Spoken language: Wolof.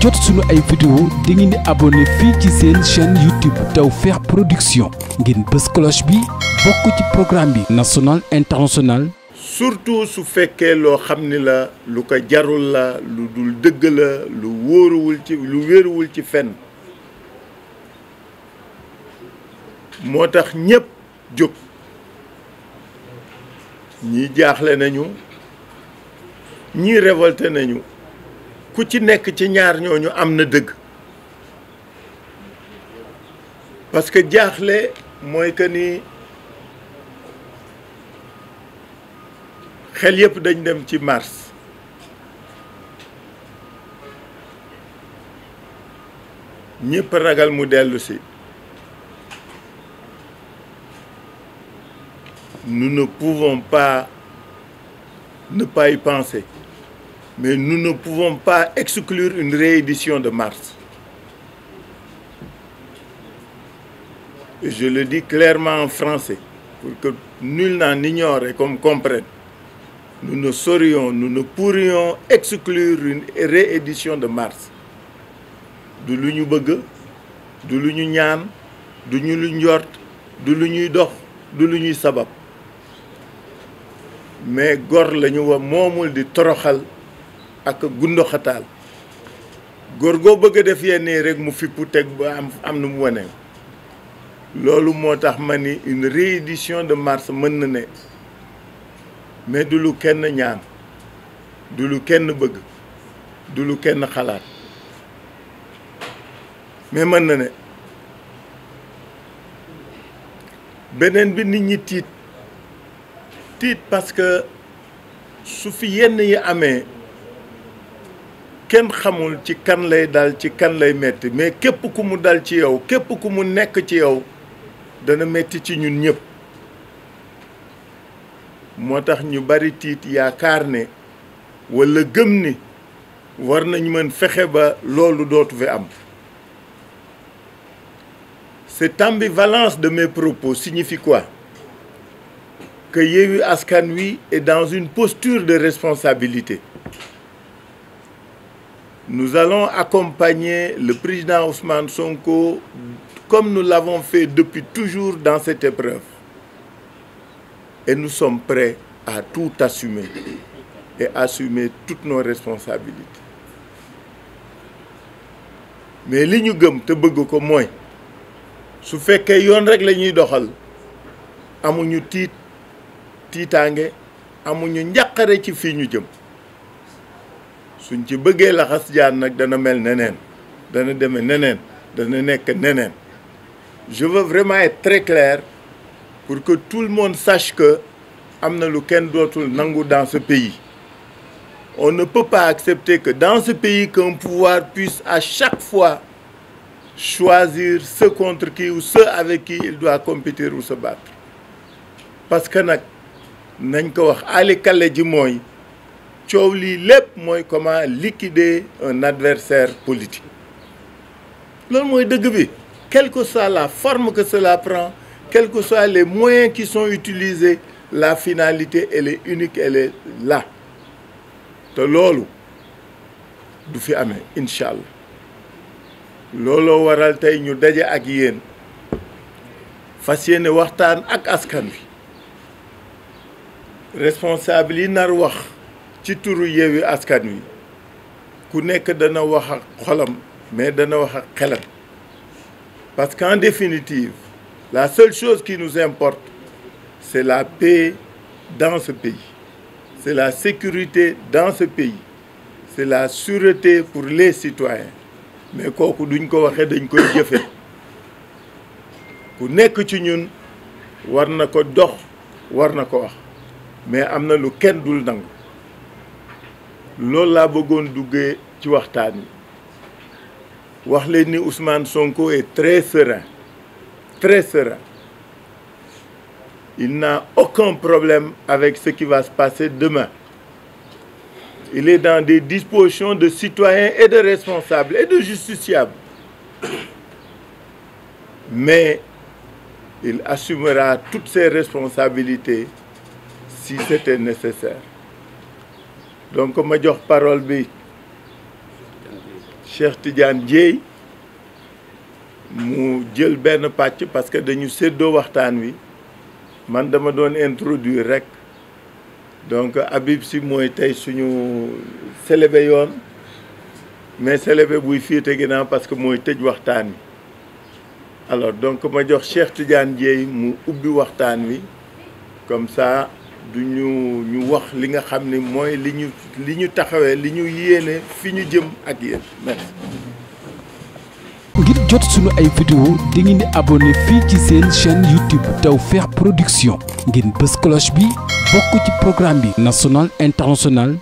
jot suñu ay vidéo da ngeen di abonné fii ci seen chaîne YouTube Tawfekh Production ngeen bës cloche bi bokk ci programme bi national international surtout su fekkee loo xam ni la lu ko jarul la lu dul dëgg la lu wóoruwul ci lu wéeruwul ci fenn moo tax ñépp jóg ñii jaaxle nañu ñii révolté nañu ku ci nekk ci ñaar ñooñu am na dëgg parce que jaaxle mooy que ni xel yëpp dañ dem ci mars ñëpp ragal mu dellusi si nous ne pouvons pas ne penser Mais nous ne pouvons pas exclure une réédition de mars. Et je le dis clairement en français, pour que nul n'en ignore et qu'on comprenne. ne saurions, nous ne pourrions exclure une réédition de mars. du lu ñu bëgg du lu ñu ñaan du ñu lu njort du lu ñuy dox du lu ñuy sabab mais gor la ñu wa moomul di toroxal ak gundoxataal góor goo bëgg a def yenn rek mu fippu teg ba am am nu mu wane. loolu moo tax ma ni une réédition de mars mën na ne mais du lu kenn ñaan du lu kenn bëgg du lu kenn xalaat mais mën na ne beneen bi nit ñi tiit tiit parce que su fi yenn yi amee. kenn xamul ci kan lay dal ci kan lay metti mais képp ku mu dal ci yow képp ku mu nekk ci yow dana metti ci ñun ñëpp moo tax ñu bari tiit yaakaar ne walla gëm ni war nañ mën fexe ba loolu dootu fi am cette ambivalence de mes propos signifie quoi que Yewwi Askan Wi et dans une posture de responsabilité nu allons accompagner le président Ousmane Sonko comme nu l'avons fait depuis toujours dans cette épreuve. Et nous sommes prêts à tout assumer et assumer toutes nos responsabilités. Mais li ñu gëm te bëgg ko mooy su fekkee yoon rek la ñuy doxal amuñu tiit tiitaange amuñu njàqare ci fii ñu jëm. suñ ci bëggee laxas jaan nag dana mel neneen dana deme neneen dana nekk neneen je veux vraiment être très clair pour que tout le monde sache que am na lu kenn dootul nangu dans ce pays on ne peut pas accepter que dans ce pays qu'un pouvoir puisse à chaque fois choisir ce contre qui ou ce avec qui il doit compétir ou se battre parce que nag nañ ko wax ali kale ji mooy coow lii lépp mooy comment liquider un adversaire politique loolu mooy dëgg bi quelque que soit la forme que cela prend quels que soient les moyens qui sont utilisés la finalité elle unique elle la te loolu du fi amee incha allah looloo waral tey ñu daje ak yéen fas yéene waxtaan ak askan wi responsable yi nar wax. ci turu Yewwi Askan Wi ku nekk dana wax ak xolam mais dana wax ak xelam parce qu'en définitive la seule chose qui nous importe c'est la paix dans ce pays c'est la sécurité dans ce pays c'est la sureté pour les citoyens mais kooku duñ ko waxe dañ koy jëfe ku nekk ci ñun war na ko dox war na ko wax mais am na lu kenn dul nangu loolu laa bëggoon duggee ci waxtaan wi wax ni Ousmane Sonko est très serein très il n'a aucun problème avec ce qui va se passer demain il est dans des dispositions de citoyens et de responsables et de justiciables mais il assumera toutes ses responsabilités si c'était nécessaire donc ma jox parole bi Cheikh Tidiane Dieye mu jël benn pàcc parce que dañu séddoo waxtaan wi man dama doon introduire rek donc Habib Sy mooy tey suñu célébé yoon mais célébé buy féete ginnaaw parce que mooy tëj waxtaan wi alors donc ma jox Cheikh Tidiane Dieye mu ubbi waxtaan wi comme ça du ñu ñu wax li nga xam ne mooy li ñu li ñu taxawee li ñu yéene fi ñu jëm ak yéen merci. ngir jot sunu ay vidéo di ngeen di abonné fii ci seen chaîne YouTube Tawfekh Production ngeen bës cloche bi bokk ci programme bi national international.